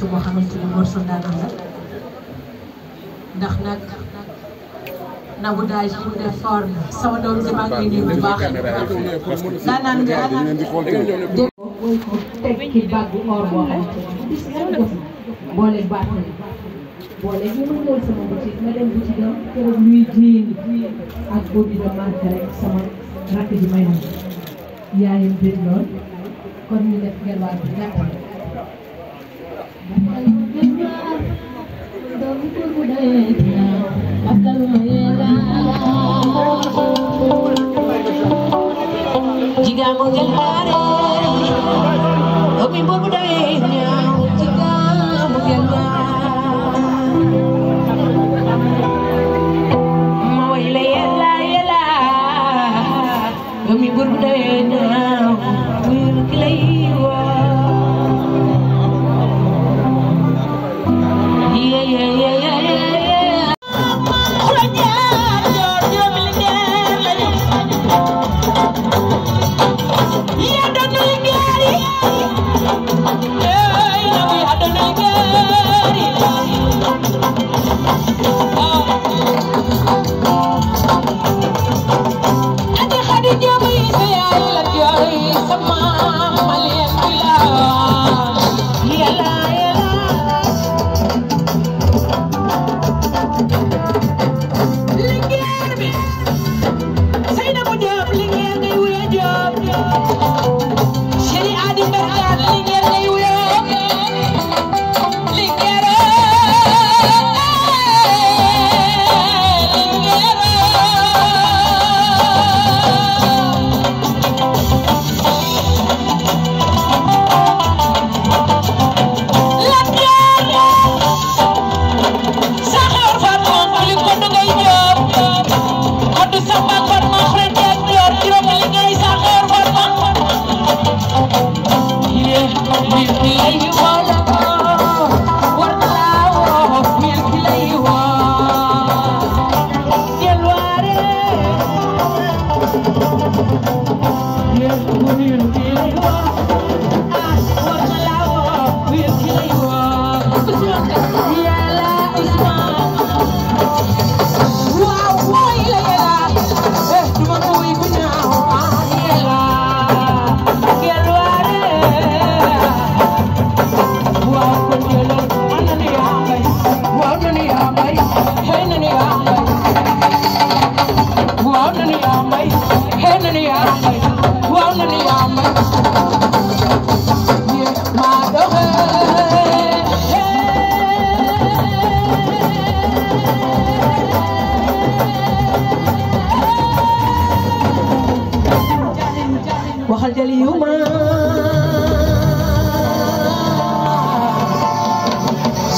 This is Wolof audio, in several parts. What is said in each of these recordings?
wërsëg boo xamante ni wërsëg daanoon la ndax nag Nabou Dash li mu def fort na sama doom ji maa ngi nuyu bu baax daanaan nga daanaan dégg woy ko teg ci bàggu or boo xamante ni gis nga def boole bàttal boole ñu mën loolu sama boutique ma dem boutique am keroog luy jiin ak boobu de marque rek sama rakk ji may yaayam bëgg lool kon ñu def ngelawaat bi gàttal Jika mungkin hari, kami berbudaya, jika mungkin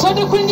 So the queen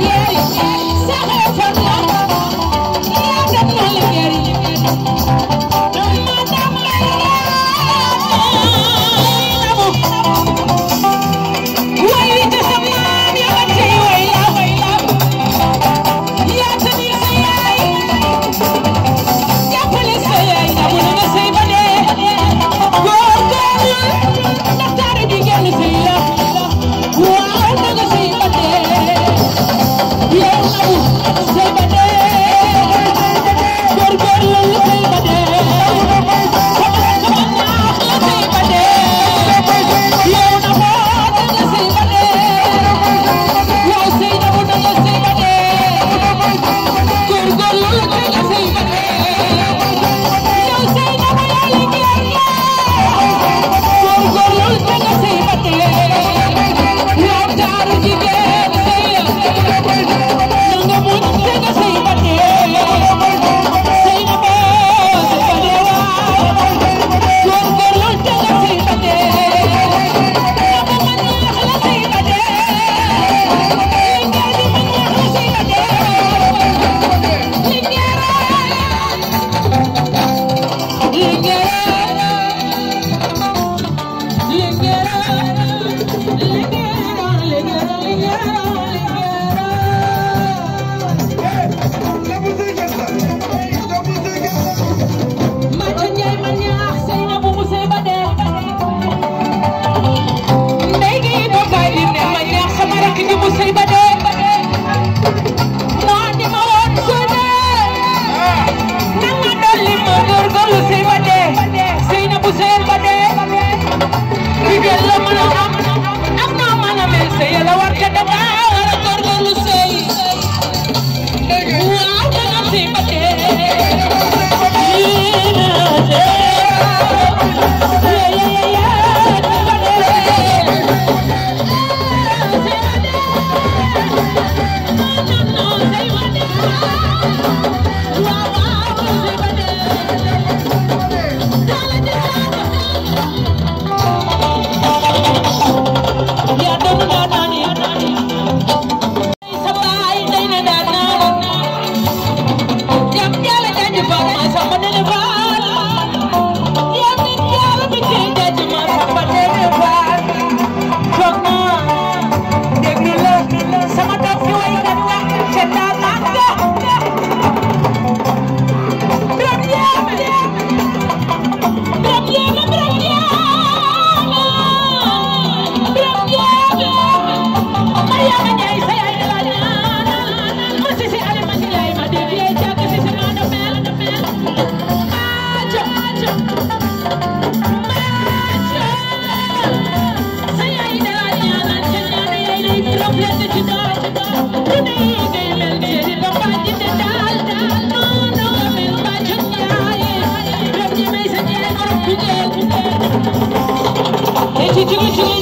Yeah, yeah. Give it to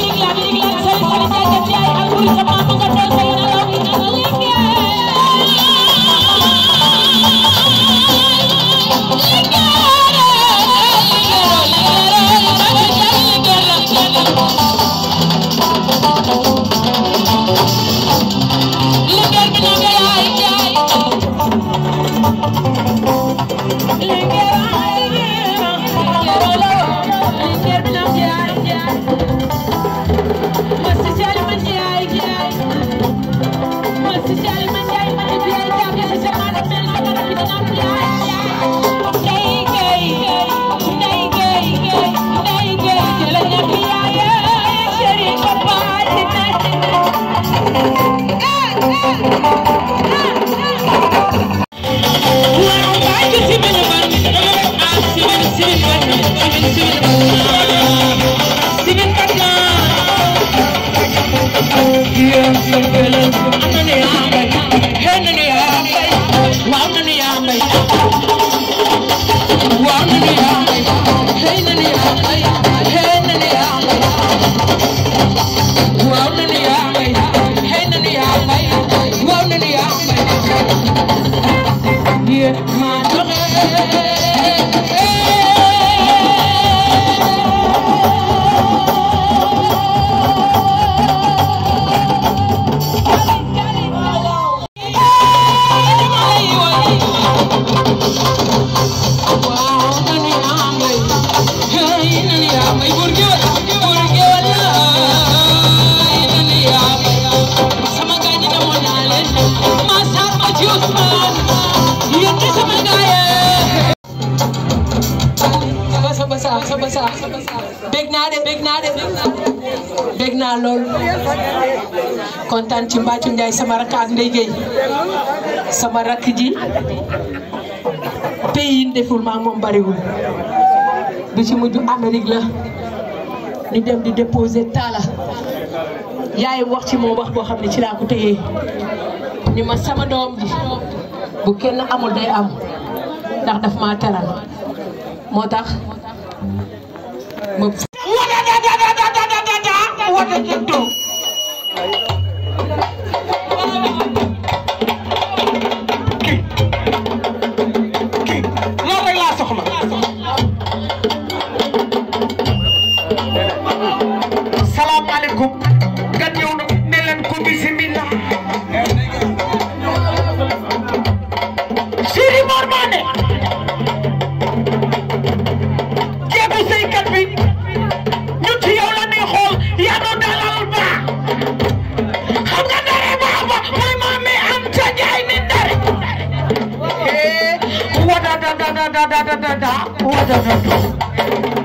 kontaan ci Mbathio Ndiaye sama rakk ak sama rakk ji pays yi deful maa moom bariwul bi ci mujj Amérique la ñu dem di déposer taala yaay wax ci moom wax boo xam ne ci laa ko téyee ñu ma sama doom ji bu kenn amul day am ndax daf maa teral moo tax ma wada da da da da da wada jëndoo dugub nga ñëw ne leen ko bismillah Siri Mor Mané jeegu saykat bi ñun ci yow la ñuy xool yaa noo dalal ba xam nga dara baax ba mooy maam am ca jaay ni dara wada da da da da da da wada da